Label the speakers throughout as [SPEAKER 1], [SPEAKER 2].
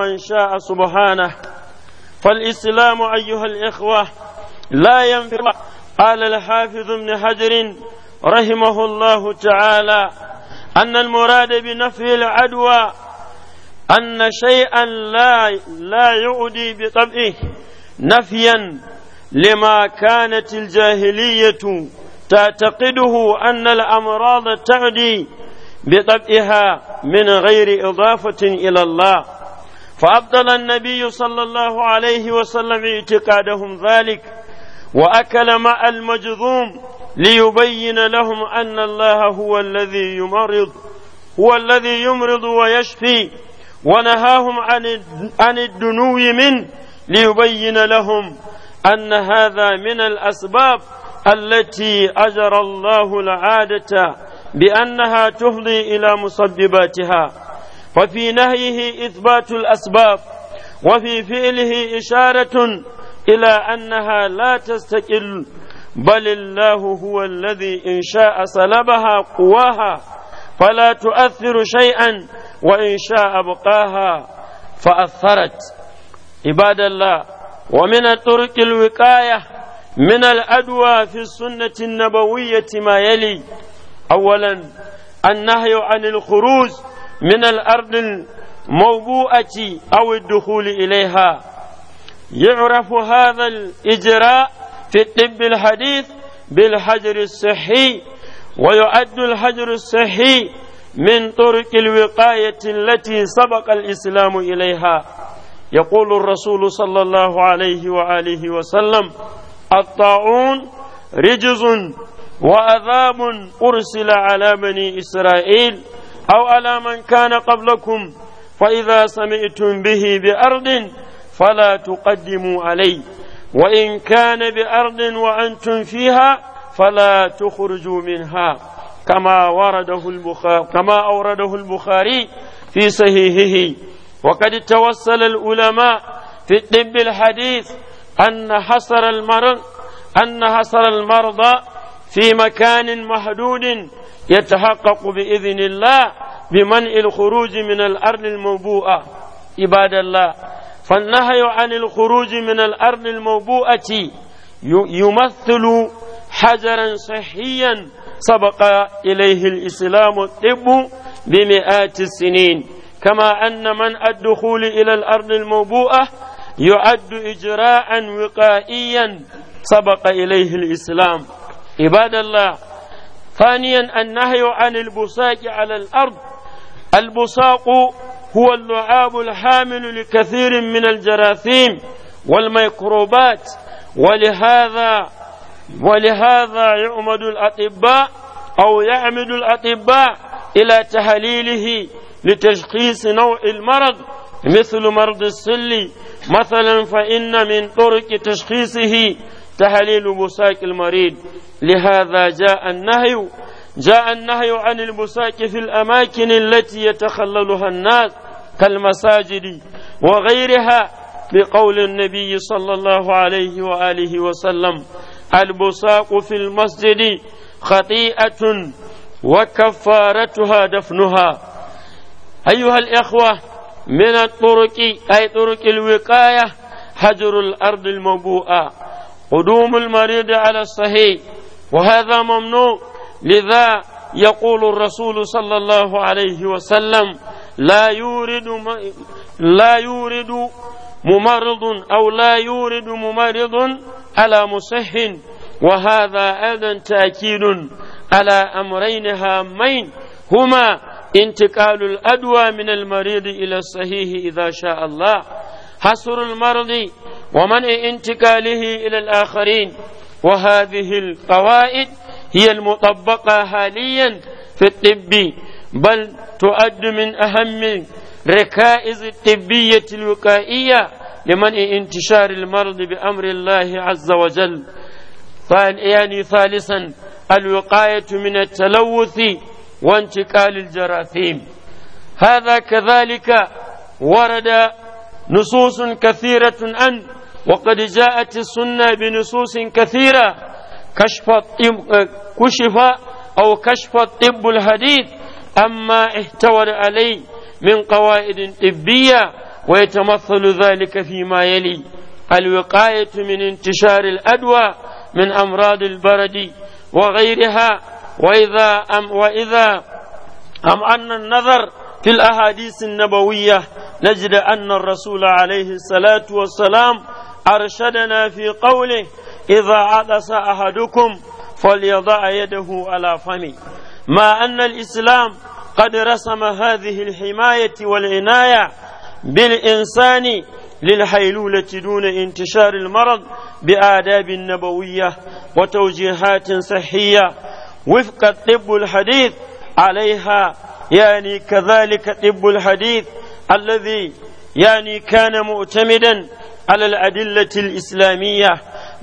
[SPEAKER 1] من شاء سبحانه فالإسلام أيها الإخوة لا ينفر قال الحافظ ابن حجر رحمه الله تعالى أن المراد بنفي العدوى أن شيئا لا لا يعدي بطبعه نفيا لما كانت الجاهلية تعتقده أن الأمراض تعدي بطبعها من غير إضافة إلى الله فأفضل النبي صلى الله عليه وسلم اعتقادهم ذلك وأكل مع المجذوم ليبين لهم أن الله هو الذي يمرض هو الذي يمرض ويشفي ونهاهم عن عن الدنو منه ليبين لهم أن هذا من الأسباب التي أجرى الله العادة بأنها تفضي إلى مسبباتها ففي نهيه إثبات الأسباب وفي فعله إشارة إلى أنها لا تستقل بل الله هو الذي إن شاء صلبها قواها فلا تؤثر شيئا وإن شاء أبقاها فأثرت عباد الله ومن الطرق الوقاية من الأدوى في السنة النبوية ما يلي أولا النهي عن الخروج من الأرض الموبوءة أو الدخول إليها يعرف هذا الإجراء في الطب الحديث بالحجر الصحي ويعد الحجر الصحي من طرق الوقاية التي سبق الإسلام إليها يقول الرسول صلى الله عليه وآله وسلم الطاعون رجز وأذاب أرسل على بني إسرائيل أو على من كان قبلكم فإذا سمعتم به بأرض فلا تقدموا عليه وإن كان بأرض وأنتم فيها فلا تخرجوا منها كما ورده البخاري كما أورده البخاري في صحيحه وقد توصل العلماء في الطب الحديث أن حصر المرض أن حصر المرضى في مكان محدود يتحقق بإذن الله بمنع الخروج من الأرض الموبوءة عباد الله فالنهي عن الخروج من الأرض الموبوءة يمثل حجرا صحيا سبق إليه الإسلام الطب بمئات السنين كما أن من الدخول إلى الأرض الموبوءة يعد إجراء وقائيا سبق إليه الإسلام عباد الله ثانيا النهي عن البصاق على الأرض البصاق هو اللعاب الحامل لكثير من الجراثيم والميكروبات ولهذا ولهذا يعمد الأطباء أو يعمد الأطباء إلى تحليله لتشخيص نوع المرض مثل مرض السل مثلا فإن من طرق تشخيصه تحليل بساك المريض لهذا جاء النهي جاء النهي عن البساك في الأماكن التي يتخللها الناس كالمساجد وغيرها بقول النبي صلى الله عليه وآله وسلم البساق في المسجد خطيئة وكفارتها دفنها أيها الإخوة من الطرق أي طرق الوقاية هجر الأرض المبوءة قدوم المريض على الصحيح وهذا ممنوع لذا يقول الرسول صلى الله عليه وسلم لا يورد لا يورد ممرض أو لا يورد ممرض على مصح وهذا أيضا تأكيد على أمرين هامين هما انتقال الأدوى من المريض إلى الصحيح إذا شاء الله حصر المرض ومنع انتقاله إلى الآخرين وهذه القواعد هي المطبقة حاليا في الطب بل تؤد من أهم ركائز الطبية الوقائية لمنع انتشار المرض بأمر الله عز وجل يعني ثالثا الوقاية من التلوث وانتقال الجراثيم هذا كذلك ورد نصوص كثيرة أن وقد جاءت السنة بنصوص كثيرة كشف كشف أو كشف طب الحديث أما احتوى عليه من قواعد طبية ويتمثل ذلك فيما يلي الوقاية من انتشار الأدوى من أمراض البرد وغيرها وإذا أم وإذا أم أن النظر في الأحاديث النبوية نجد أن الرسول عليه الصلاة والسلام أرشدنا في قوله إذا عطس أحدكم فليضع يده على فمه ما أن الإسلام قد رسم هذه الحماية والعناية بالإنسان للحيلولة دون انتشار المرض بآداب نبوية وتوجيهات صحية وفق الطب الحديث عليها يعني كذلك طب الحديث الذي يعني كان معتمدا على الأدلة الإسلامية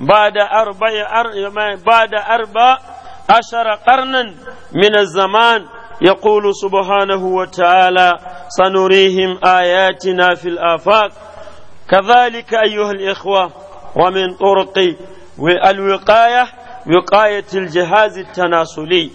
[SPEAKER 1] بعد أربع بعد أربع عشر قرنا من الزمان يقول سبحانه وتعالى سنريهم آياتنا في الآفاق كذلك أيها الإخوة ومن طرق الوقاية وقاية الجهاز التناسلي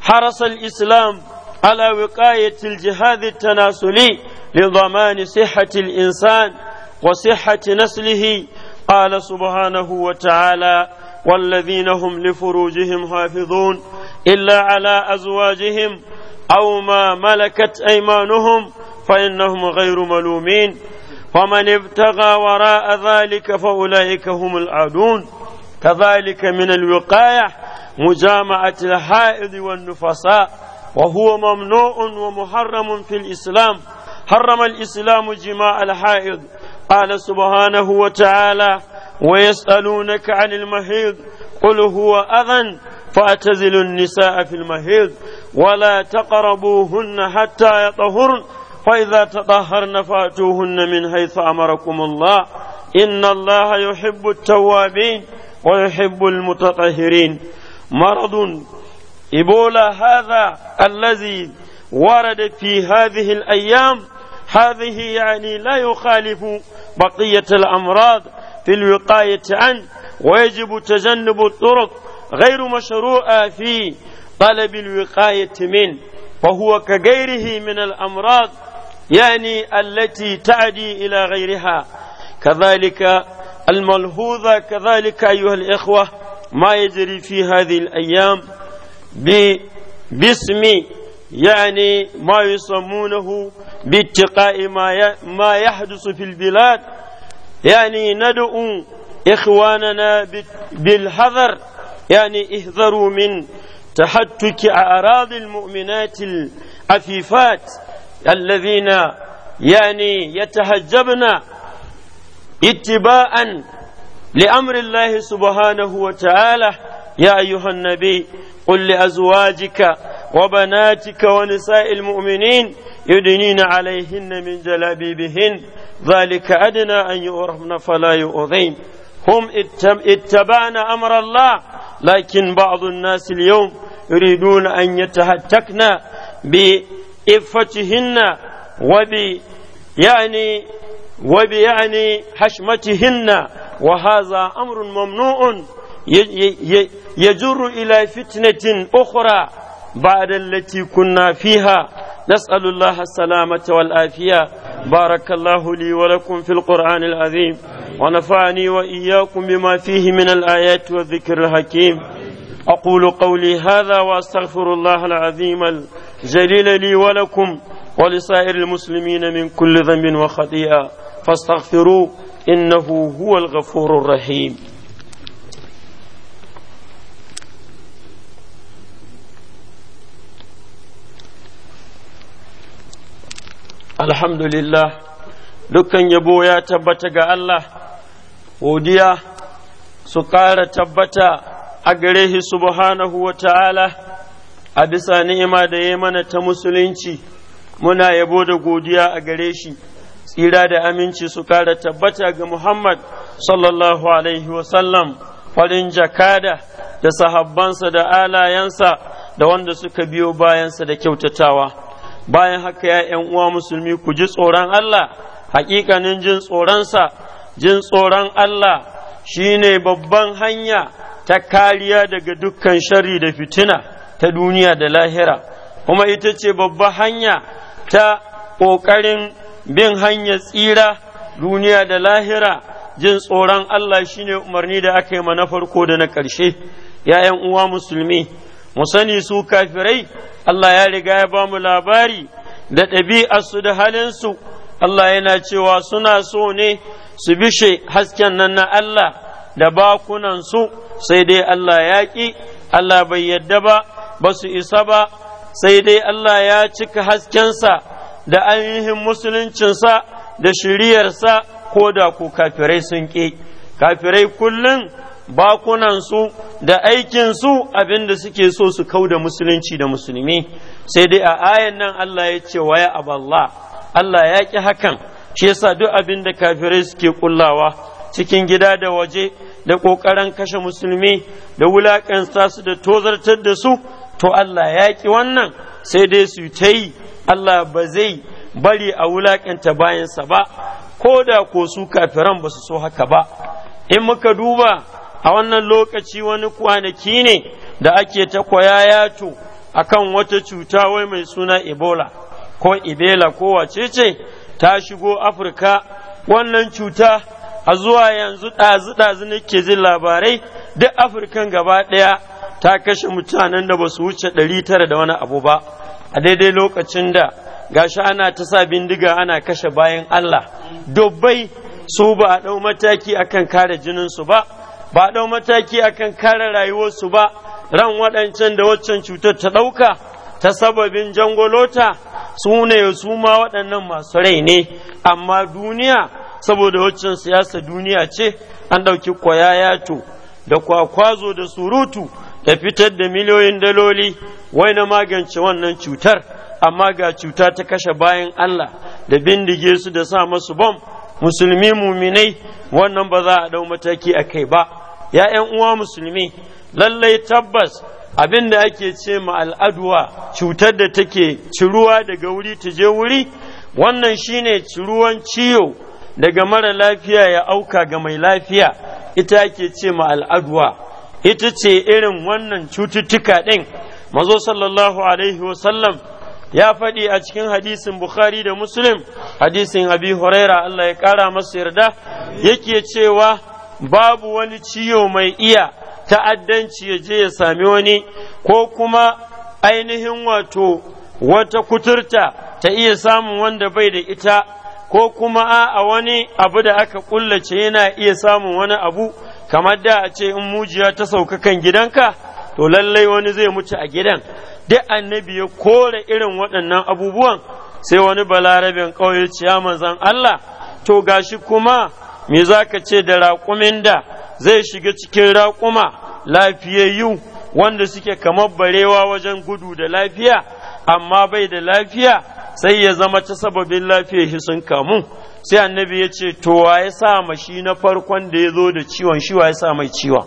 [SPEAKER 1] حرص الإسلام على وقاية الجهاد التناسلي لضمان صحة الإنسان وصحة نسله قال سبحانه وتعالى والذين هم لفروجهم حافظون إلا على أزواجهم أو ما ملكت أيمانهم فإنهم غير ملومين ومن ابتغى وراء ذلك فأولئك هم العادون كذلك من الوقاية مجامعة الحائض والنفساء وهو ممنوع ومحرم في الإسلام حرم الإسلام جماع الحائض قال سبحانه وتعالى ويسألونك عن المحيض قل هو أذى فأتزل النساء في المحيض ولا تقربوهن حتى يطهرن فإذا تطهرن فأتوهن من حيث أمركم الله إن الله يحب التوابين ويحب المتطهرين مرض إبولا هذا الذي ورد في هذه الأيام هذه يعني لا يخالف بقية الأمراض في الوقاية عنه ويجب تجنب الطرق غير مشروعة في طلب الوقاية منه فهو كغيره من الأمراض يعني التي تعدي إلى غيرها كذلك الملحوظة كذلك أيها الإخوة ما يجري في هذه الأيام باسم يعني ما يسمونه باتقاء ما ما يحدث في البلاد يعني ندعو إخواننا بالحذر يعني احذروا من تحتك أعراض المؤمنات العفيفات الذين يعني يتهجبن اتباعا لأمر الله سبحانه وتعالى يا أيها النبي قل لأزواجك وبناتك ونساء المؤمنين يدنين عليهن من جلابيبهن ذلك أدنى أن يؤرهن فلا يؤذين هم اتبعن أمر الله لكن بعض الناس اليوم يريدون أن يتهتكن بإفتهن وب يعني وبيعني حشمتهن وهذا أمر ممنوع يجر إلى فتنة أخرى بعد التي كنا فيها نسأل الله السلامة والآفية بارك الله لي ولكم في القرآن العظيم ونفعني وإياكم بما فيه من الآيات والذكر الحكيم أقول قولي هذا وأستغفر الله العظيم الجليل لي ولكم ولسائر المسلمين من كل ذنب وخطيئة فاستغفروه إنه هو الغفور الرحيم alhamdulillah dukkan yabo ya tabbata ga Allah godiya su ƙara tabbata a gare shi subhanahu wa ta'ala a bisa ni'ima da ya mana ta musulunci muna yabo da godiya a gare shi tsira da aminci su ƙara tabbata ga Muhammad sallallahu alaihi wasallam farin jakada da sahabbansa da alayensa da wanda suka biyo bayansa da kyautatawa. bayan haka ya ‘yan uwa musulmi ku ji tsoron Allah hakikanin jin tsoronsa jin tsoron Allah shi ne babban hanya ta kariya daga dukkan shari da fitina ta duniya da lahira kuma ita ce babban hanya ta ƙoƙarin bin hanya tsira duniya da lahira jin tsoron Allah shi ne umarni da aka yi na farko da na ƙarshe ‘ya'yan uwa musulmi mu sani su kafirai Allah ya riga ya ba mu labari da ɗabi'arsu da halinsu Allah yana cewa suna so ne su bishe hasken nan na Allah da bakunansu sai dai Allah ya ƙi Allah bai yadda ba ba su isa ba sai dai Allah ya cika haskensa da ainihin musuluncinsa da shiriyarsa ko da ku kafirai sun ƙi kafirai kullum bakunansu da aikinsu abinda suke so su kau da musulunci da musulmi sai dai a ayan nan Allah ya ce waya aballah Allah ya ƙi hakan shi yasa duk abin da kafirai suke kullawa cikin gida da waje da ƙoƙarin kashe musulmi da wulaƙanta su da tozartar da su to Allah ya ƙi wannan sai dai su ta yi Allah ba zai bari a wulaƙanta bayansa ba ko da ko su kafiran ba su so haka ba in muka duba a wannan lokaci wani kwanaki ne da ake ta kwayayato a kan wata cuta wai mai suna ebola ko ibela ko wace ce ta shigo afirka wannan cuta a zuwa yanzu ɗazu-ɗazu nake jin labarai duk afirkan gaba ɗaya ta kashe mutanen da ba su wuce ɗari tara da wani abu ba a daidai lokacin da gashi ana ta sa bindiga ana kashe bayan allah dubbai su ba a ɗau mataki akan kare jinin su ba ba ɗau mataki akan kare rayuwarsu ba ran waɗancan da waccan cutar ta ɗauka ta sababin jangolota su ne su ma waɗannan masu rai ne amma duniya saboda waccan siyasa duniya ce an ɗauki kwayayato da kwakwazo da surutu da fitar da miliyoyin daloli wai na magance wannan cutar amma ga cuta ta kashe bayan Allah da bindige su da sa masu bom musulmi muminai wannan ba za a ɗau mataki a kai ba ya ‘yan uwa musulmi lallai tabbas abin da ake ce ma al'aduwa cutar da take ciruwa daga wuri ta je wuri wannan shine ciruwan ciyo daga mara lafiya ya auka ga mai lafiya ita ake ce ma al'aduwa ita ce irin wannan cututtuka ɗin mazo sallallahu alaihi wasallam ya faɗi a cikin hadisin Bukhari da Muslim hadisin Abi Huraira Allah ya ƙara masa yarda yake cewa babu wani ciwo mai iya ta'addanci ya je ya sami wani ko kuma ainihin wato wata kuturta ta iya samun wanda bai da ita ko kuma a wani abu da aka kullace yana iya samun wani abu kamar da a ce in mujiya ta sauka kan gidanka to lallai wani zai mutu a gidan duk annabi ya kore irin waɗannan abubuwan sai wani balarabin ƙauye ciya manzan Allah to gashi kuma me za ka ce da raƙumin da zai shiga cikin raƙuma lafiyayyu wanda suke kamar barewa wajen gudu da lafiya amma bai da lafiya sai ya zama ta sababin lafiya shi sun kamu sai annabi ya ce to wa ya sa mashi na farkon da ya zo da ciwon shi wa sa mai ciwon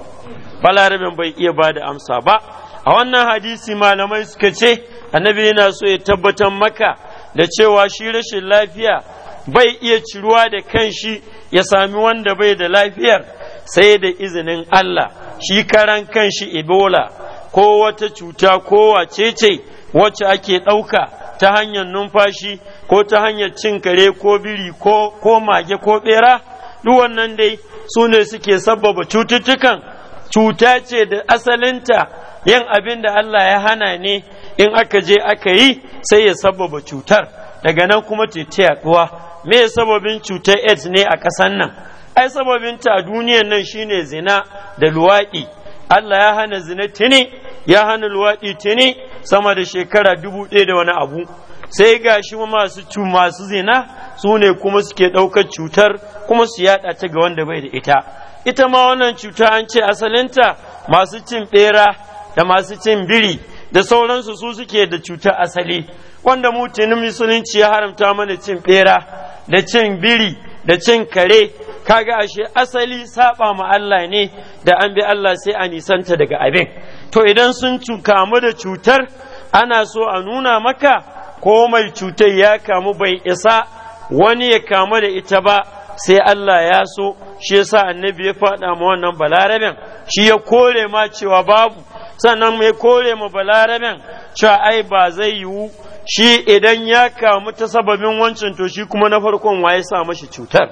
[SPEAKER 1] balarabin bai iya ba da amsa ba a wannan hadisi malamai suka ce annabi yana so ya tabbatar maka da cewa shi rashin lafiya bai iya ciruwa da kanshi ya sami wanda bai da lafiyar sai da izinin Allah shi karan kanshi ebola ko wata cuta ko wace ce wacce ake ɗauka ta hanyar numfashi ko ta hanyar cin kare ko biri ko mage ko bera, duk wannan dai su ne suke sabbaba cututtukan cuta ce da asalinta yin abin da Allah ya hana ne in aka je aka yi sai ya sababa cutar daga nan kuma ta yaduwa me sababin cutar AIDS ne a ƙasan nan ai sababin ta a duniyan nan shine zina da luwaɗi. Allah ya hana zina tuni ya hana luwaɗi tuni sama da shekara dubu ɗaya da wani abu sai ga shi masu cu masu zina su ne kuma suke ɗaukar cutar kuma su yaɗa ta ga wanda bai da ita ita ma wannan cuta an ce asalinta masu cin ɓera da masu cin biri da sauransu su suke da cutar asali wanda mutunin musulunci ya haramta mana cin bera da cin biri da cin kare kaga ashe asali saba ma Allah ne da an bi Allah sai a nisanta daga abin to idan sun kamu da cutar ana so a nuna maka ko mai cutar ya kamu bai isa wani ya kamu da ita ba sai Allah ya so shi yasa annabi ya faɗa ma wannan balarabin shi ya kore ma cewa babu sannan mai kore mu balaraben cewa ai ba zai yiwu shi idan ya kamu ta sababin wancan to shi kuma na farkon waye sa mashi cutar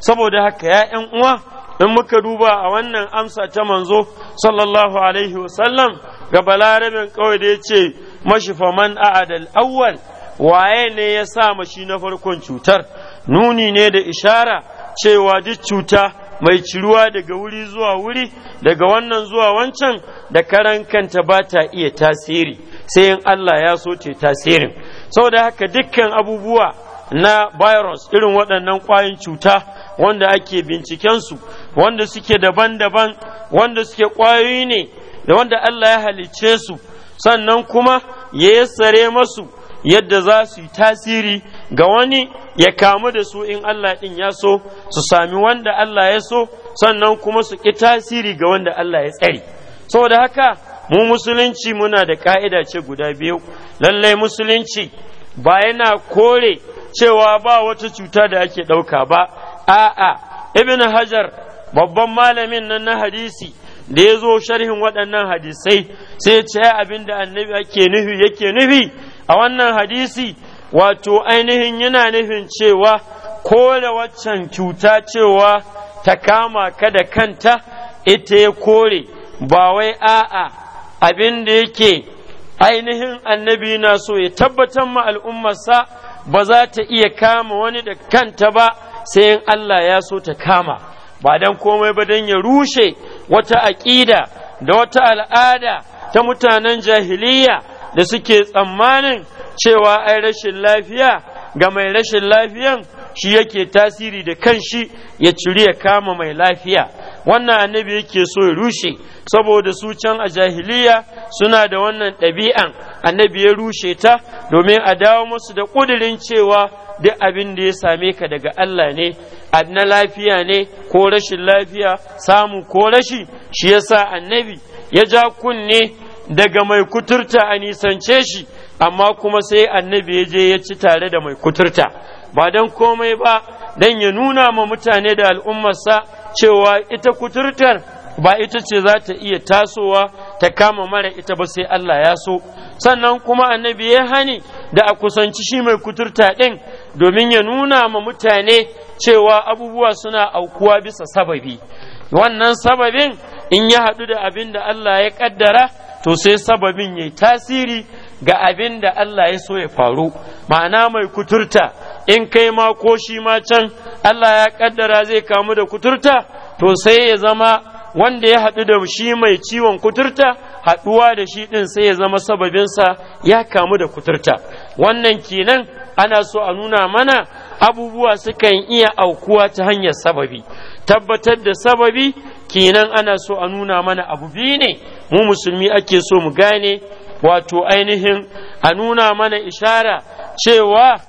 [SPEAKER 1] saboda haka ya yan uwa in muka duba a wannan amsa ta manzo sallallahu alaihi wasallam ga Balaraben kawai da ya ce mashi faman a'adal awwal waye ne ya sa mashi na farkon cutar nuni ne da ishara cewa duk cuta mai ciruwa daga wuri zuwa wuri daga wannan zuwa wancan da karan kanta ba ta iya tasiri sai in Allah ya so ce tasirin saboda haka dukkan abubuwa na virus irin waɗannan ƙwayoyin cuta wanda ake bincikensu wanda suke daban-daban wanda suke ƙwayoyi ne da wanda Allah ya halicce su sannan kuma ya yassare masu yadda za su yi tasiri ga wani ya kamu da su in Allah ɗin ya so su sami wanda Allah ya so sannan kuma su ƙi tasiri ga wanda Allah ya tsare saboda haka mu musulunci muna da ƙa'ida ce guda biyu lallai musulunci ba yana kore cewa ba wata cuta da ake ɗauka ba a'a ibn hajar babban malamin nan na hadisi da ya zo sharhin waɗannan hadisai sai ce abin da annabi yake nufi yake nufi a wannan hadisi wato ainihin yana nufin cewa ko da waccan cuta cewa ta kama ka da kanta ita ya kore ba wai a'a abin da yake ainihin annabi na so ya tabbatar ma al'ummarsa ba za ta iya kama wani da kanta ba sai in Allah ya so ta kama ba dan komai ba dan ya rushe wata aƙida da wata al'ada ta mutanen jahiliya da suke tsammanin cewa ai rashin lafiya ga mai rashin lafiyan shi yake tasiri da kanshi ya ciri ya kama mai lafiya wannan annabi yake so ya rushe saboda su can a jahiliya suna da wannan ɗabi'an annabi ya rushe ta domin a dawo musu da ƙudurin cewa duk abin da ya same ka daga Allah ne na lafiya ne ko rashin lafiya samu ko rashi shi yasa annabi ya ja kunne daga mai kuturta a nisance shi amma kuma sai annabi ya je ya ci tare da mai kuturta ba don komai ba don ya nuna ma mutane da al'ummarsa cewa ita kuturtar ba ita ce za ta iya tasowa ta kama mara ita ba sai Allah ya so sannan kuma annabi ya hani da a kusanci shi mai kuturta ɗin domin ya nuna ma mutane cewa abubuwa suna aukuwa bisa sababi wannan sababin in ya haɗu da abin da Allah ya ƙaddara to sai sababin ya tasiri ga abin da Allah ya so ya faru ma'ana mai kuturta in kai ma ko shi ma can Allah ya ƙaddara zai kamu da kuturta to sai ya zama wanda ya haɗu da shi mai ciwon kuturta haɗuwa da shi ɗin sai ya zama sababinsa ya kamu da kuturta wannan kenan ana so a nuna mana abubuwa sukan iya aukuwa ta hanyar sababi tabbatar da sababi kenan ana so a nuna mana abu biyu ne mu musulmi ake so mu gane wato ainihin a nuna mana ishara cewa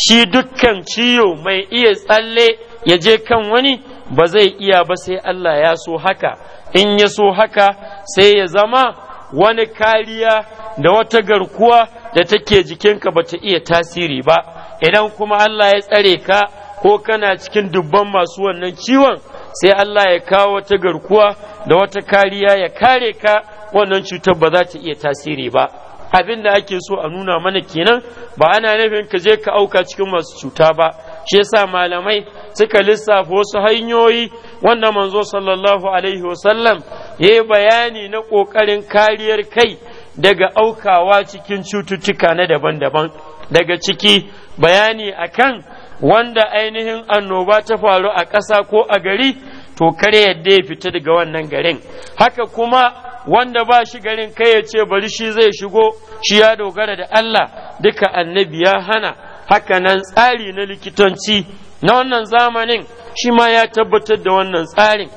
[SPEAKER 1] shi dukkan ciwo mai iya tsalle ya je kan wani ba zai iya ba sai Allah ya so haka in ya so haka sai ya zama wani kariya da wata garkuwa da take jikinka ba ta iya tasiri ba idan kuma Allah ya tsare ka ko kana cikin dubban masu wannan ciwon sai Allah ya kawo wata garkuwa da wata kariya ya kare ka wannan cutar ba za ta iya tasiri ba abin da ake so a nuna mana kenan ba ana nufin ka je ka auka cikin masu cuta ba shi yasa malamai suka lissafa wasu hanyoyi wanda manzo sallallahu alaihi wasallam ya yi bayani na ƙoƙarin kariyar kai daga aukawa cikin cututtuka na daban-daban daga ciki bayani akan wanda ainihin annoba ta faru a ƙasa ko a gari to kare yadda ya fita daga wannan garin haka kuma wanda ba shi garin kai ya ce bari shi zai shigo shi ya dogara da Allah duka annabi ya hana hakanan tsari na likitanci na wannan zamanin shi ma ya tabbatar da wannan tsarin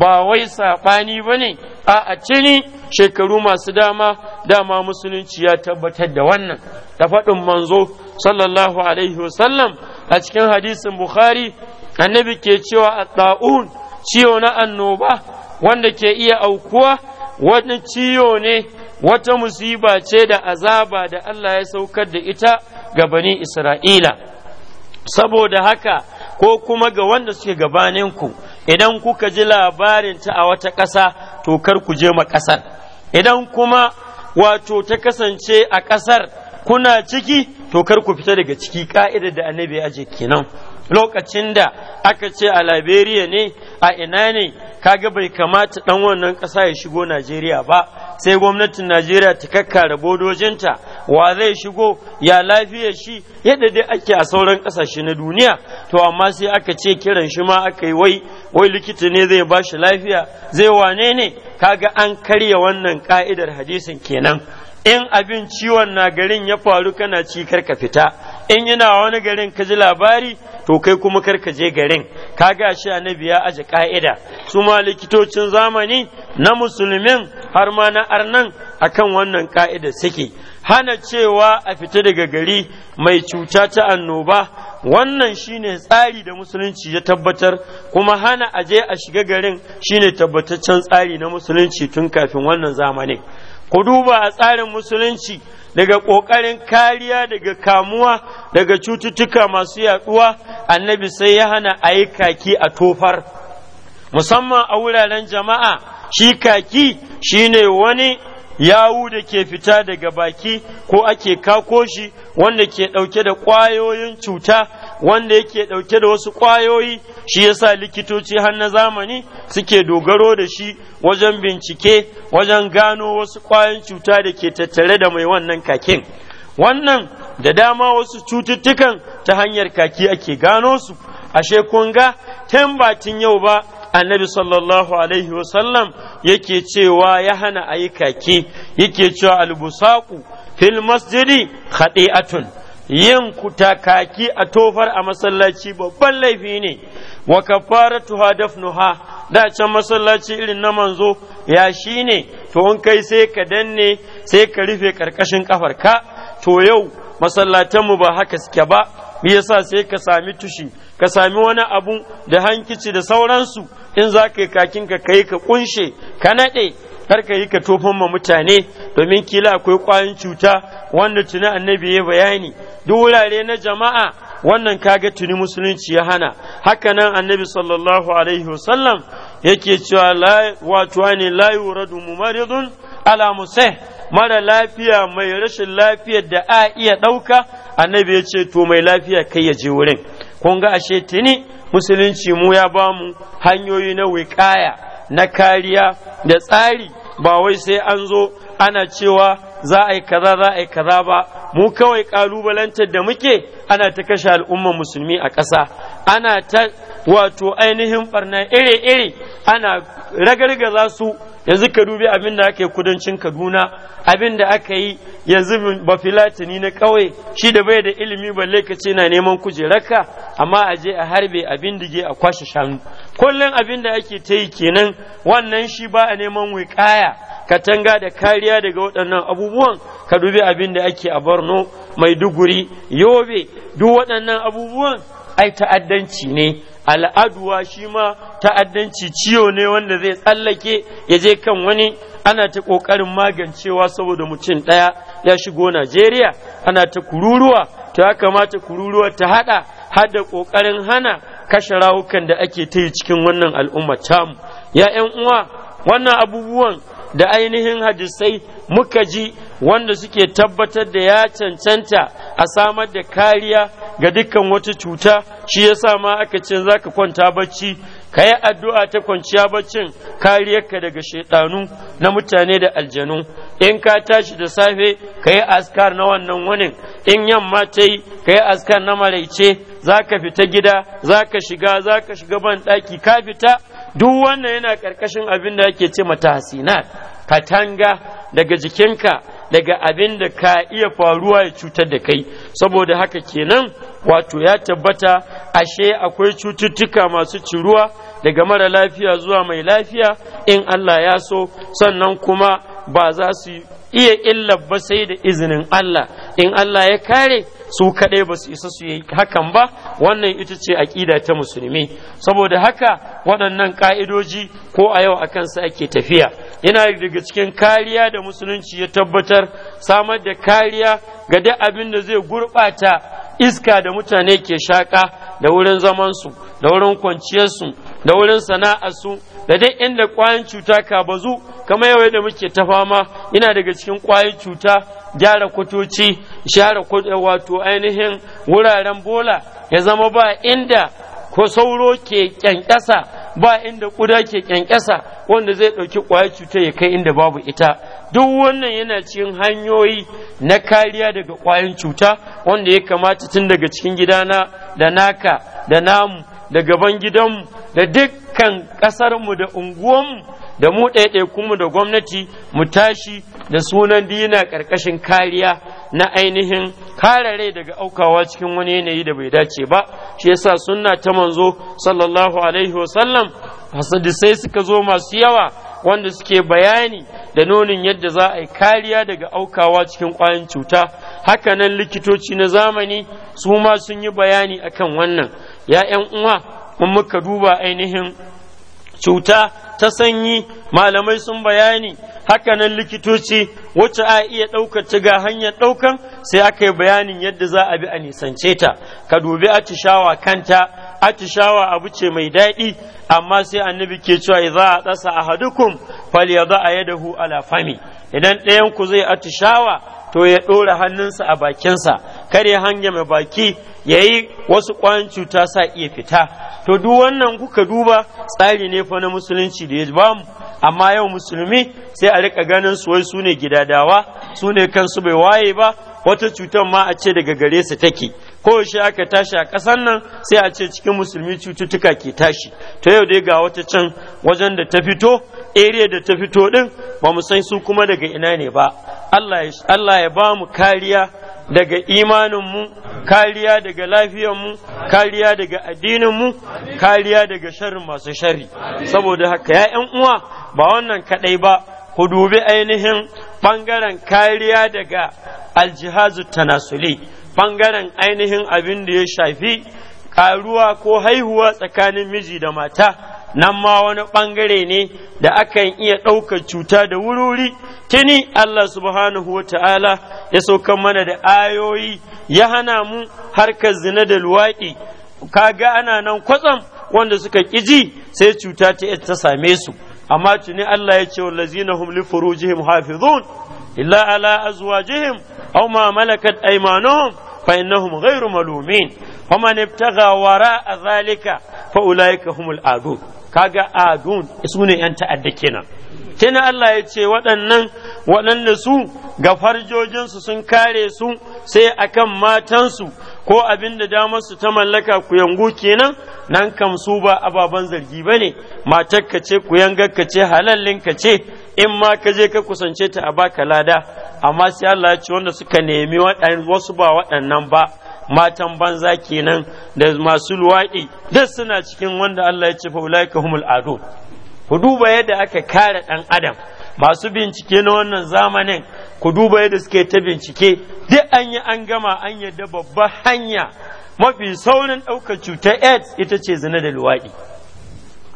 [SPEAKER 1] ba wai saɓani ba ne a cini shekaru masu dama dama musulunci ya tabbatar da wannan da faɗin manzo sallallahu alaihi wasallam a cikin hadisin bukhari annabi ke cewa a tsa'un ciwo na annoba wanda ke iya aukuwa wani ciwo ne wata musiba ce da azaba da Allah ya saukar da ita ga bani isra'ila saboda haka ko kuma ga wanda suke ku idan kuka ji labarin ta a wata ƙasa to kar ku je ma ƙasar idan kuma wato ta kasance a ƙasar kuna ciki to kar ku fita daga ciki ka'idar da annabi ya aje kenan lokacin da aka ce a liberia ne a ina ne kaga bai kamata dan wannan ƙasa ya shigo najeriya ba sai gwamnatin najeriya ta kakkara bodojinta wa zai shigo ya lafiya shi yadda dai ake a sauran ƙasashe na duniya to amma sai aka ce kiran shi ma aka yi wai wai likita ne zai ba shi lafiya zai wane ne kaga an karya wannan ka'idar hadisin kenan in abin ciwon na garin ya faru kana ci karka fita in yana wani garin ka ji labari to kai kuma karka je garin ka ga shi annabi ya aje ka'ida su ma likitocin zamani na musulmin har ma na arnan akan wannan ka'ida suke hana cewa a fita daga gari mai cuta ta annoba wannan shine tsari da musulunci ya tabbatar kuma hana aje a shiga garin shine tabbataccen tsari na musulunci tun kafin wannan zamanin ku duba a tsarin musulunci daga ƙoƙarin kariya daga kamuwa daga cututtuka masu yaduwa annabi sai ya hana a yi kaki a tofar musamman a wuraren jama'a shi kaki shine wani yawu da ke fita daga baki ko ake kako shi wanda ke ɗauke da ƙwayoyin cuta wanda yake ɗauke da wasu ƙwayoyi shi yasa likitoci har na zamani suke dogaro da shi wajen bincike wajen gano wasu ƙwayan cuta da ke tattare da mai wannan kakin wannan da dama wasu cututtukan ta hanyar kaki ake gano su ashe kun ga batun yau ba annabi sallallahu alaihi wasallam yake cewa ya hana a yi kaki yake cewa albusaku fil masjidi khati'atun yin kutakaki a tofar a masallaci babban laifi ne wa daf dafnuha da can masallaci irin na manzo ya shi ne to in kai sai ka danne sai ka rufe karkashin ka. to yau masallatanmu ba haka suke ba me yasa sai ka sami tushi ka sami wani abu da hankici da sauransu in za ka yi kakin ka kai ka kunshe ka naɗe kar ka yi ka tofan ma mutane domin kila akwai kwayan cuta wanda tuna annabi ya bayani duk wurare na jama'a wannan kaga tuni musulunci ya hana Haka nan annabi sallallahu alaihi wasallam yake cewa wato ne la yuradu mumaridun ala musai mara lafiya mai rashin lafiyar da a iya ɗauka annabi ya ce to mai lafiya kai ya je wurin kun ga ashe tuni musulunci mu ya bamu hanyoyi na wiƙaya na kariya da tsari ba wai sai an zo ana cewa za a yi kaza za a yi kaza ba mu kawai kalubalantar da muke ana ta kashe al'umman musulmi a ƙasa ana ta wato ainihin barna iri-iri ana ragargaza su yanzu ka dubi abin da aka kudancin kaduna abin da aka yi yanzu bafilatini na ƙauye shi da bai da ilimi balle ka ce na neman kujeraka amma a je a harbe abin bindige a kwashe shanu kullum abin da ake ta yi kenan wannan shi ba a neman wikaya katanga da kariya daga waɗannan abubuwan ka dubi abin da ake a borno maiduguri yobe duk waɗannan abubuwan ai ta'addanci ne al'aduwa shi ma ta'addanci ciwo ne wanda zai tsallake ya je kan wani ana ta ƙoƙarin magancewa saboda mutum ɗaya ya shigo Najeriya ana ta kururuwa ta ya kamata kururuwa ta haɗa hada ƙoƙarin hana kashe rawukan da ake ta yi cikin wannan al'umma tamu ya ‘yan uwa wannan abubuwan da ainihin hadisai muka ji wanda suke tabbatar da ya cancanta a samar da kariya ga dukkan wata cuta shi ya sa ma aka ce za ka kwanta bacci ka yi addu'a ta kwanciya baccin kariyarka daga shaidanu na mutane da aljanu in ka tashi da safe ka yi askar na wannan wunin in yamma ta yi ka yi askar na maraice za ka fita gida za ka shiga za ka shiga ban ɗaki ka fita duk wannan yana ƙarƙashin abin da ake ce mata hasinat katanga daga jikinka daga abin da ka iya faruwa ya cutar da kai saboda haka kenan wato ya tabbata ashe akwai cututtuka masu ciruwa daga mara lafiya zuwa mai lafiya in Allah ya so sannan kuma ba za su iya illa ba sai da izinin Allah in Allah ya kare su kaɗai ba su isa su yi hakan ba wannan ita ce aƙida ta musulmi saboda haka waɗannan ƙa'idoji ko a yau a kansa ake tafiya yana daga cikin kariya da musulunci ya tabbatar samar da kariya ga duk abin da zai gurɓata iska da mutane ke shaƙa da wurin zamansu da wurin kwanciyarsu da wurin sana'arsu da dai inda ƙwayan cuta ka bazu kamar yau da muke ta fama ina daga cikin ƙwayan cuta gyara kwatoci share wato ainihin wuraren bola ya zama ba inda ko sauro ke ƙyanƙyasa ba inda ƙuda ke kyankyasa wanda zai ɗauki ƙwayar cutar ya kai inda babu ita duk wannan yana cikin hanyoyi na kariya daga ƙwayan cuta wanda ya kamata tun daga cikin gidana da naka da namu da gaban gidanmu da dukkan ƙasarmu da unguwanmu da mu kuma da gwamnati mu tashi da sunan dina ƙarƙashin kariya na ainihin kare rai daga aukawa cikin wani yanayi da bai dace ba shi yasa sunna ta manzo sallallahu alaihi wasallam sai suka zo masu yawa wanda suke bayani da nonin yadda za a yi kariya daga aukawa cikin ƙwayan cuta hakanan likitoci na zamani su ma sun yi bayani akan wannan ya 'yan uwa mun muka duba ainihin cuta ta sanyi malamai sun bayani hakanan likitoci wacce a iya ɗaukar ta ga hanyar ɗaukan sai aka yi bayanin yadda za a bi a nisance ta ka dubi atishawa kanta atishawa abu ce mai daɗi amma sai annabi ke cewa za a tsasa za a yadahu ala fami idan ɗayan ku zai atishawa to ya ɗora hannunsa a bakinsa ya hanya mai baki ya yi wasu ƙwayan cuta sa iya fita to duk wannan kuka duba tsari ne fa na musulunci da ya bamu amma yau musulmi sai a rika ganin su wai sune gidadawa sune kansu bai waye ba wata cutar ma a ce daga gare su take koyaushe aka tashi a ƙasan nan sai a ce cikin musulmi cututtuka ke tashi to yau dai ga wata can wajen da ta fito area da ta fito din ba mu san su kuma daga ina ne ba Allah ya ba mu kariya daga imaninmu kariya daga lafiyanmu kariya daga addininmu kariya daga sharrin masu shari. saboda haka ya uwa ba wannan kaɗai ba ku dubi ainihin ɓangaren kariya daga aljihazu tanasuli ɓangaren ainihin abin da ya shafi ƙaruwa ko haihuwa tsakanin miji da mata nan ma wani ɓangare ne da akan iya ɗaukar cuta da wuri tuni Allah subhanahu wa ta'ala ya sauka mana da ayoyi ya hana mu harkar zina da luwaɗi kaga ana nan kwatsam wanda suka ƙiji sai cuta ta ta same su amma tuni Allah ya ce wallazina hum li furujihim hafizun illa ala azwajihim aw ma malakat aymanuhum fa innahum ghayru malumin faman ibtagha wara'a zalika fa ulaika humul kaga adun su ne yan ta'adda kenan kenan Allah ya ce waɗannan waɗanda su ga farjojinsu sun kare su sai akan matansu ko abin da su ta mallaka ku yangu kenan nan kam su ba ababen zargi ba ne ka ce ku ka ce halallin ka ce in ma ka je ka kusance ta a baka lada amma sai Allah ya ce wanda suka nemi wasu ba waɗannan ba matan banza kenan da masu luwaɗi duk suna cikin wanda Allah ya ce fa ulaika humul adu ku duba yadda aka kare ɗan adam masu bincike na wannan zamanin ku duba yadda suke ta bincike duk an yi an gama an yadda babbar hanya mafi saurin ɗaukar cutar aids ita ce zina da luwaɗi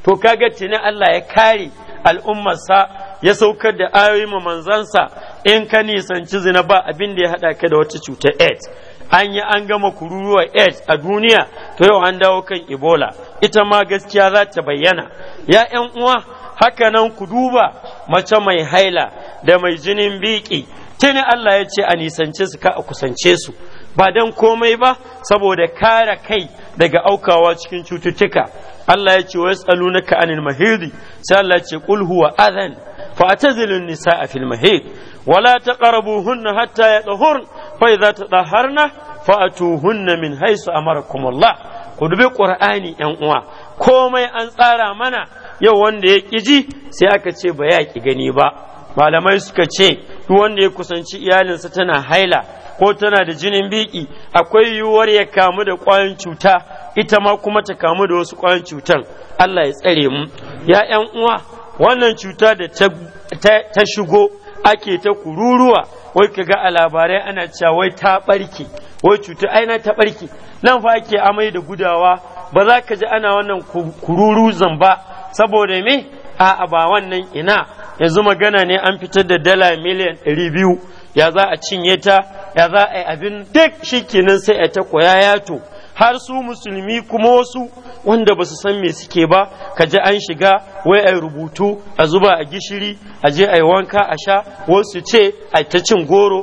[SPEAKER 1] to kaga tuni Allah ya kare al'ummarsa ya saukar da ayoyi ma manzansa in ka nisanci zina ba abin da ya haɗa ka da wata cutar aids an yi an gama kururuwa AIDS a duniya to yau an dawo kan Ebola ita ma gaskiya za ta bayyana ya ‘yan uwa haka nan ku duba mace mai haila da mai jinin biki tuni Allah ya ce a nisance su ka a kusance su ba don komai ba saboda kare kai daga aukawa cikin cututtuka Allah ya ce wa yas'alunaka anil mahidi sai Allah ya ce qul huwa adhan fa atazilun nisaa fil mahid wala taqrabuhunna hatta yatahurna fa idza tadaharna fa'atuhunna min haisu amarakumullah ku dubi qur'ani yan uwa komai an tsara mana yau wanda ya ƙiji sai aka ce ba ya ƙi gani ba malamai suka ce duk wanda ya kusanci iyalinsa tana haila ko tana da jinin biki akwai yiwuwar ya kamu da ƙwayan cuta ita ma kuma ta kamu da wasu ƙwayan cutan Allah ya tsare mu ya 'yan uwa wannan cuta da ta shigo ake ta kururuwa wai ka ga a labarai ana cewa wai ta barke wai cuta aina ta barke nan fa ake amai da gudawa ba za ka ji ana wannan kururu ba saboda me a ba wannan ina yanzu magana ne an fitar da dala miliyan ɗari biyu ya za a cinye ta ya za a yi abin duk shi kenan sai a ta koya yato har su musulmi kuma wasu wanda ba su san me suke ba ka ji an shiga wai a rubutu a zuba a gishiri a je ai wanka a sha wasu ce ai ta cin goro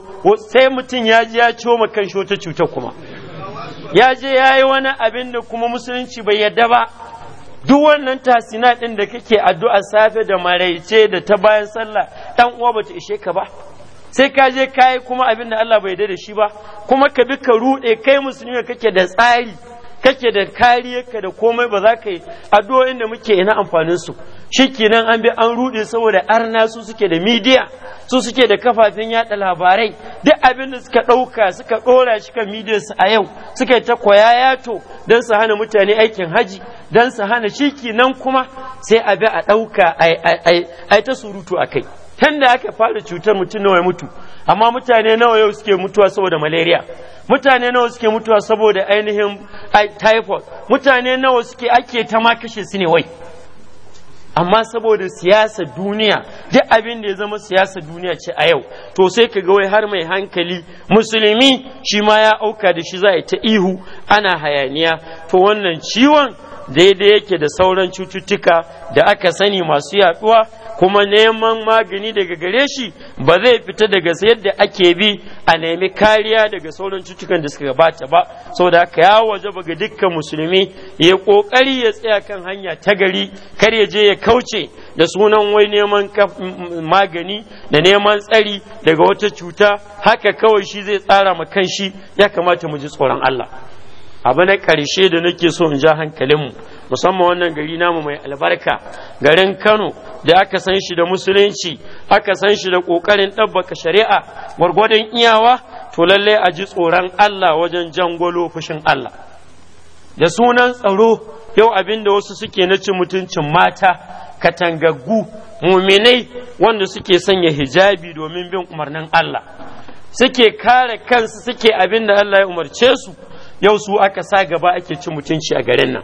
[SPEAKER 1] sai mutum ya ji ya ciwo makan shi wata cuta kuma ya je ya yi wani abin da kuma musulunci bai yarda ba duk wannan tasina ɗin da kake addu'a safe da maraice da ta bayan sallah ɗan uwa bata ishe ka ba sai ka je kai kuma abin da Allah bai da shi ba kuma ka bi ka rude kai musulmi kake da tsari kake da kariyarka da komai ba za ka yi addu'o'in da muke ina amfanin su shikenan an bi an rude saboda arna su suke da midiya su suke da kafafen yada labarai duk abin da suka ɗauka suka ɗora shi kan midiyarsu a yau suka ta koya yato don su hana mutane aikin haji don su hana shikenan kuma sai a bi a ɗauka a ta surutu a kai da aka fara cutar mutum nawa ya mutu amma mutane nawa yau suke mutuwa saboda malaria mutane nawa suke mutuwa saboda ainihin typhoid mutane nawa suke ake ta ma kashe su ne wai amma saboda siyasa duniya duk abin da ya zama siyasa duniya ce a yau to sai ka ga wai har mai hankali musulmi shi ma ya auka da shi za a ta ihu ana hayaniya to wannan ciwon daidai yake da sauran cututtuka da aka sani masu yaduwa kuma neman magani daga gare shi ba zai fita daga sayar da ake bi a nemi kariya daga sauran cutukan da suka gabata ba saboda haka ya waje ga dukkan musulmi ya kokari ya tsaya kan hanya ta gari kar ya je ya kauce da sunan wai neman magani da neman tsari daga wata cuta haka kawai shi zai tsara ma kanshi ya kamata mu ji tsoron Allah abu na karshe da nake so in ja hankalinmu musamman wannan gari namu mai albarka garin Kano da aka san shi da musulunci aka san shi da ƙoƙarin ɗabbaka shari'a gwargwadon iyawa to lallai a ji tsoron Allah wajen jangolo fushin Allah da sunan tsaro yau abin da wasu suke na ci mutuncin mata katangaggu muminai wanda suke sanya hijabi domin bin umarnin Allah suke kare kansu suke abin da Allah ya umarce su yau su aka sa gaba ake ci mutunci a garin nan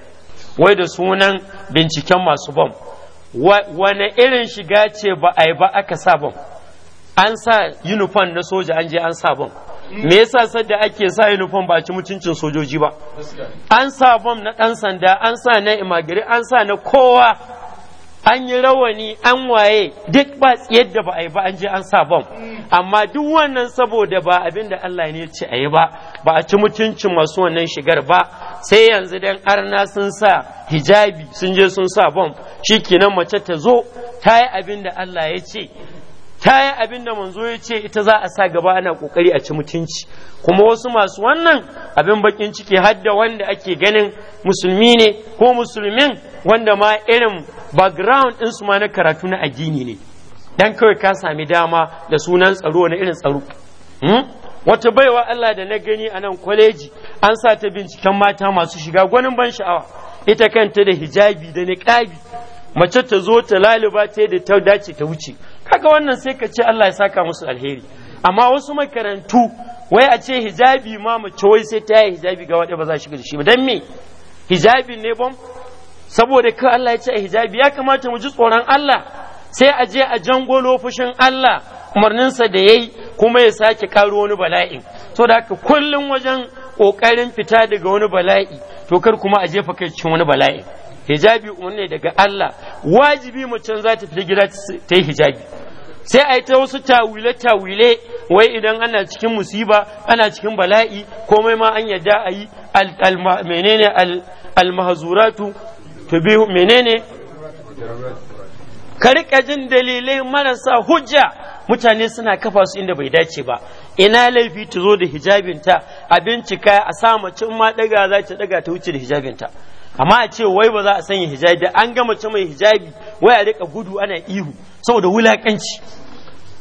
[SPEAKER 1] wai da sunan binciken masu bom wane irin shiga ce ba a yi ba aka sa bom an sa uniform na soja an je an sa bom me yasa sadda ake sa uniform ba ci mutuncin sojoji ba an sa bom na ɗan sanda an sa na imagiri an sa na kowa an yi rawani an waye duk ba yadda ba a yi ba an je an sa bam amma duk wannan saboda ba abinda Allah ne ya ce a yi ba ba a ci mutuncin masu wannan shigar ba sai yanzu dan arna sun sa hijabi sun je sun sa bam shikenan mace ta zo ta yi abinda Allah ya ce ta yi abinda manzo ya ce ita za a sa gaba ana kokari a ci mutunci kuma wasu masu wannan abin bakin ciki har da wanda ake ganin musulmi ne ko musulmin wanda ma irin background din su ma na karatu na addini ne dan kawai ka sami dama da sunan tsaro na irin tsaro hmm? wata baiwa Allah da na gani a nan kwaleji an sa ta binciken mata masu shiga gwanin ban sha'awa ita kanta da hijabi da niqabi mace ta zo ta laliba ta da ta dace ta wuce kaga wannan sai ka ce Allah ya saka musu alheri amma wasu makarantu wai a ce hijabi ma mace wai sai ta yi hijabi ga wadda ba za shiga da shi ba dan me hijabi ne bom saboda ka Allah ya ce a hijabi ya kamata mu ji tsoron Allah sai a je a jangolo fushin Allah umarninsa da yayi kuma ya sake karo wani bala'i. to da haka kullum wajen kokarin fita daga wani bala'i to kar kuma a jefa kai cikin wani bala'i hijabi umarni daga Allah wajibi mutum za ta fita gida ta hijabi sai a yi ta wasu tawile-tawile wai idan ana cikin musiba ana cikin bala'i komai ma an yadda a yi menene almahazuratu to biyu menene ka rika jin dalilai marasa hujja mutane suna kafa su inda bai dace ba ina laifi ta zo da hijabinta a bincika a sa mace in ma daga za ta daga ta wuce da hijabinta amma a ce wai ba za a sanya hijabi an ga mace mai hijabi wai a rika gudu ana ihu saboda wulakanci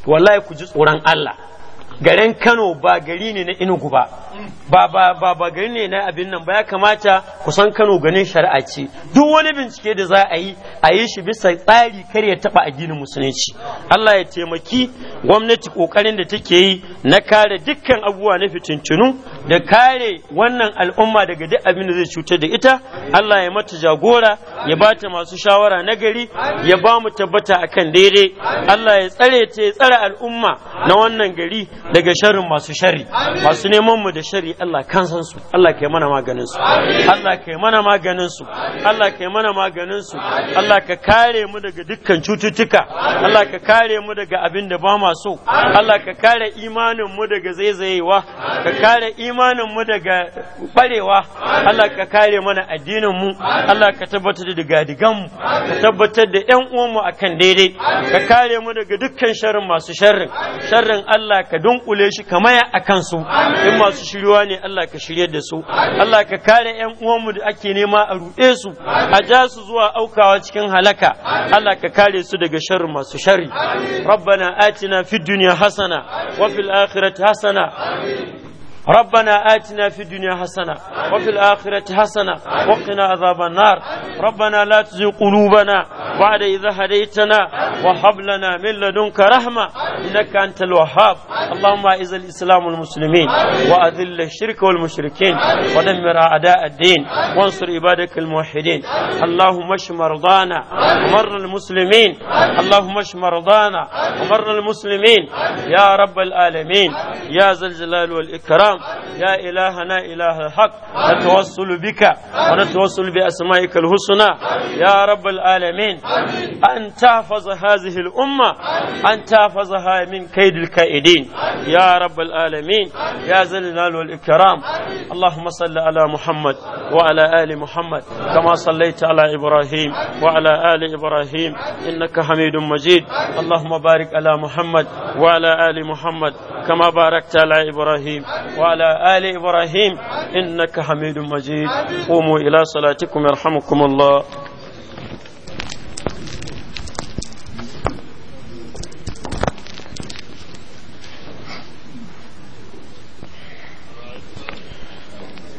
[SPEAKER 1] wallahi ku ji tsoron Allah garin Kano ba gari ne na Enugu ba ba ba gari ne na abin nan ba ya kamata kusan Kano ganin shari'a ce duk wani bincike da za a yi a yi shi bisa tsari kar ya taɓa addinin musulunci Allah ya taimaki gwamnati kokarin da take yi na kare dukkan abubuwa na fitintunu da kare wannan al'umma daga duk abin da zai cutar da ita Allah ya mata jagora ya ba ta masu shawara na gari ya ba mu tabbata akan daidai Allah ya tsare ta ya tsare al'umma na wannan gari daga sharrin masu shari masu neman mu da shari Allah kan san su Allah kai mana maganin su Allah kai mana maganin su Allah kai mana maganin su Allah ka kare mu daga dukkan cututtuka Allah ka kare mu daga abin da ba ma so Allah ka kare imanin mu daga zaizayewa ka kare imanin mu daga barewa Allah ka kare mana addinin mu Allah ka tabbatar da gadigan mu ka tabbatar da ƴan uwan mu akan daidai ka kare mu daga dukkan sharrin masu sharrin sharrin Allah ka dun dunkule shi ka maya a kansu in masu shiriwa ne Allah ka shirye da su Allah ka kare yan uwanmu da ake nema a ruɗe su a ja su zuwa aukawa cikin halaka Allah ka kare su daga sharri masu sharri rabbana atina fid dunya hasana wa fil akhirati hasana ربنا آتنا في الدنيا حسنة وفي الآخرة حسنة وقنا عذاب النار ربنا لا تزغ قلوبنا بعد إذا هديتنا وهب لنا من لدنك رحمة إنك أنت الوهاب اللهم أعز الإسلام والمسلمين وأذل الشرك والمشركين ودمر أعداء الدين وانصر عبادك الموحدين اللهم اشف مرضانا ومر المسلمين اللهم اشف مرضانا ومر المسلمين يا رب العالمين يا ذا الجلال والإكرام الحرام يا إلهنا إله الحق نتوصل بك ونتوصل بأسمائك الحسنى يا رب العالمين أن تحفظ هذه الأمة أن تحفظها من كيد الكائدين يا رب العالمين يا ذا الجلال والإكرام اللهم صل على محمد وعلى آل محمد كما صليت على إبراهيم وعلى آل إبراهيم إنك حميد مجيد اللهم بارك على محمد وعلى آل محمد كما باركت على إبراهيم وعلى وعلى آل إبراهيم إنك حميد مجيد قوموا إلى صلاتكم يرحمكم الله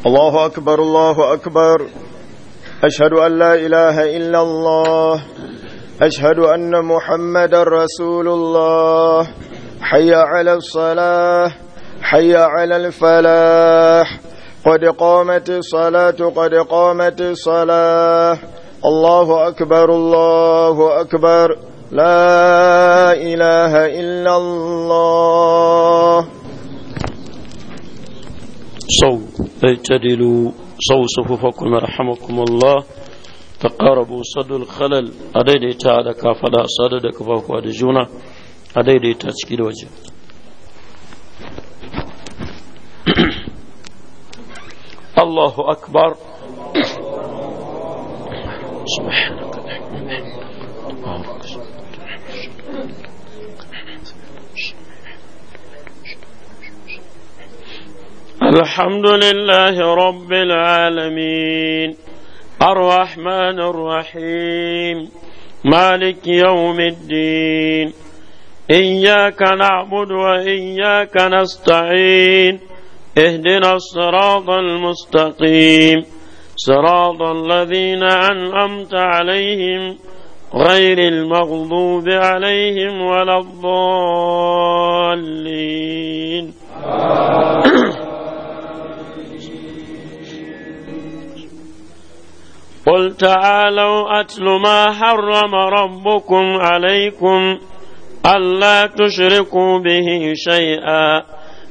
[SPEAKER 1] الله أكبر الله أكبر أشهد أن لا إله إلا الله أشهد أن محمد رسول الله حي على الصلاة حي على الفلاح قد قامت الصلاة قد قامت الصلاة الله أكبر الله أكبر لا إله إلا الله صو اعتدلوا صو صفوفكم رحمكم الله تقاربوا صد الخلل أديدي تعالى كافلا صددك فوق أدجونا أديدي تشكيل وجه الله أكبر
[SPEAKER 2] سبحانك
[SPEAKER 1] الحمد لله رب العالمين الرحمن الرحيم مالك يوم الدين إياك نعبد وإياك نستعين اهدنا الصراط المستقيم صراط الذين أنعمت عليهم غير المغضوب عليهم ولا الضالين قل تعالوا أتل ما حرم ربكم عليكم ألا تشركوا به شيئا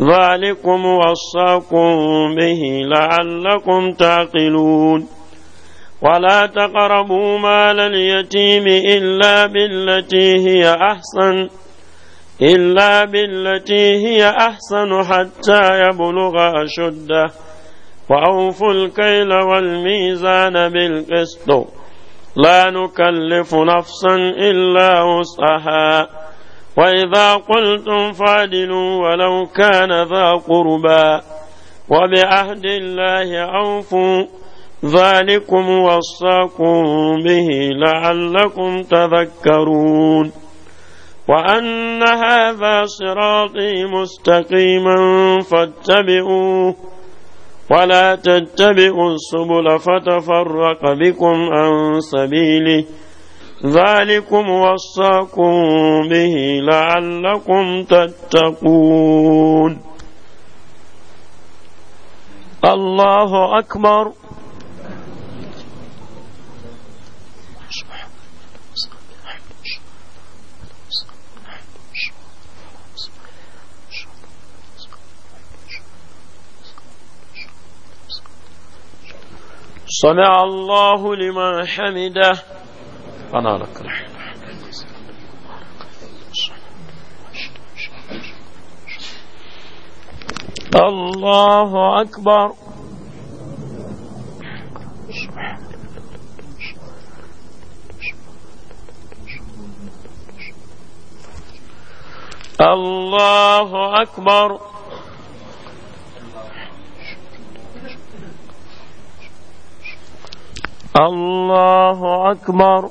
[SPEAKER 1] ذلكم وصاكم به لعلكم تعقلون ولا تقربوا مال اليتيم إلا بالتي هي أحسن إلا بالتي هي أحسن حتى يبلغ أشده وأوفوا الكيل والميزان بالقسط لا نكلف نفسا إلا وسعها وإذا قلتم فعدلوا ولو كان ذا قربى وبعهد الله أوفوا ذلكم وصاكم به لعلكم تذكرون وأن هذا صراطي مستقيما فاتبعوه ولا تتبعوا السبل فتفرق بكم عن سبيله ذلكم وصاكم به لعلكم تتقون الله أكبر صنع الله لمن حمده أنا لك الله أكبر الله أكبر الله أكبر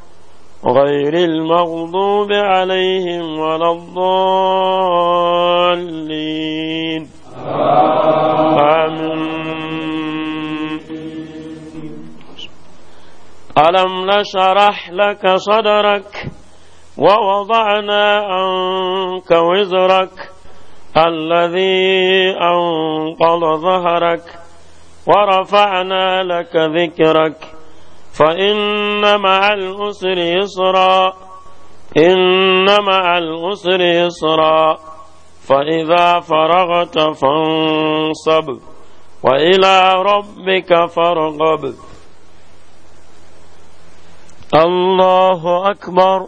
[SPEAKER 1] غير المغضوب عليهم ولا الضالين آمين ألم نشرح لك صدرك ووضعنا عنك وزرك الذي أنقض ظهرك ورفعنا لك ذكرك فإن مع الأسر يسرا إن مع الأسر يسرا فإذا فرغت فانصب وإلى ربك فارغب الله أكبر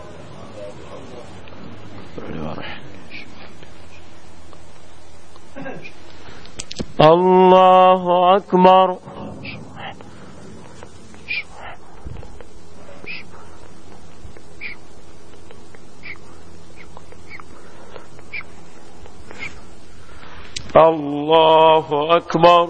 [SPEAKER 1] الله أكبر الله أكبر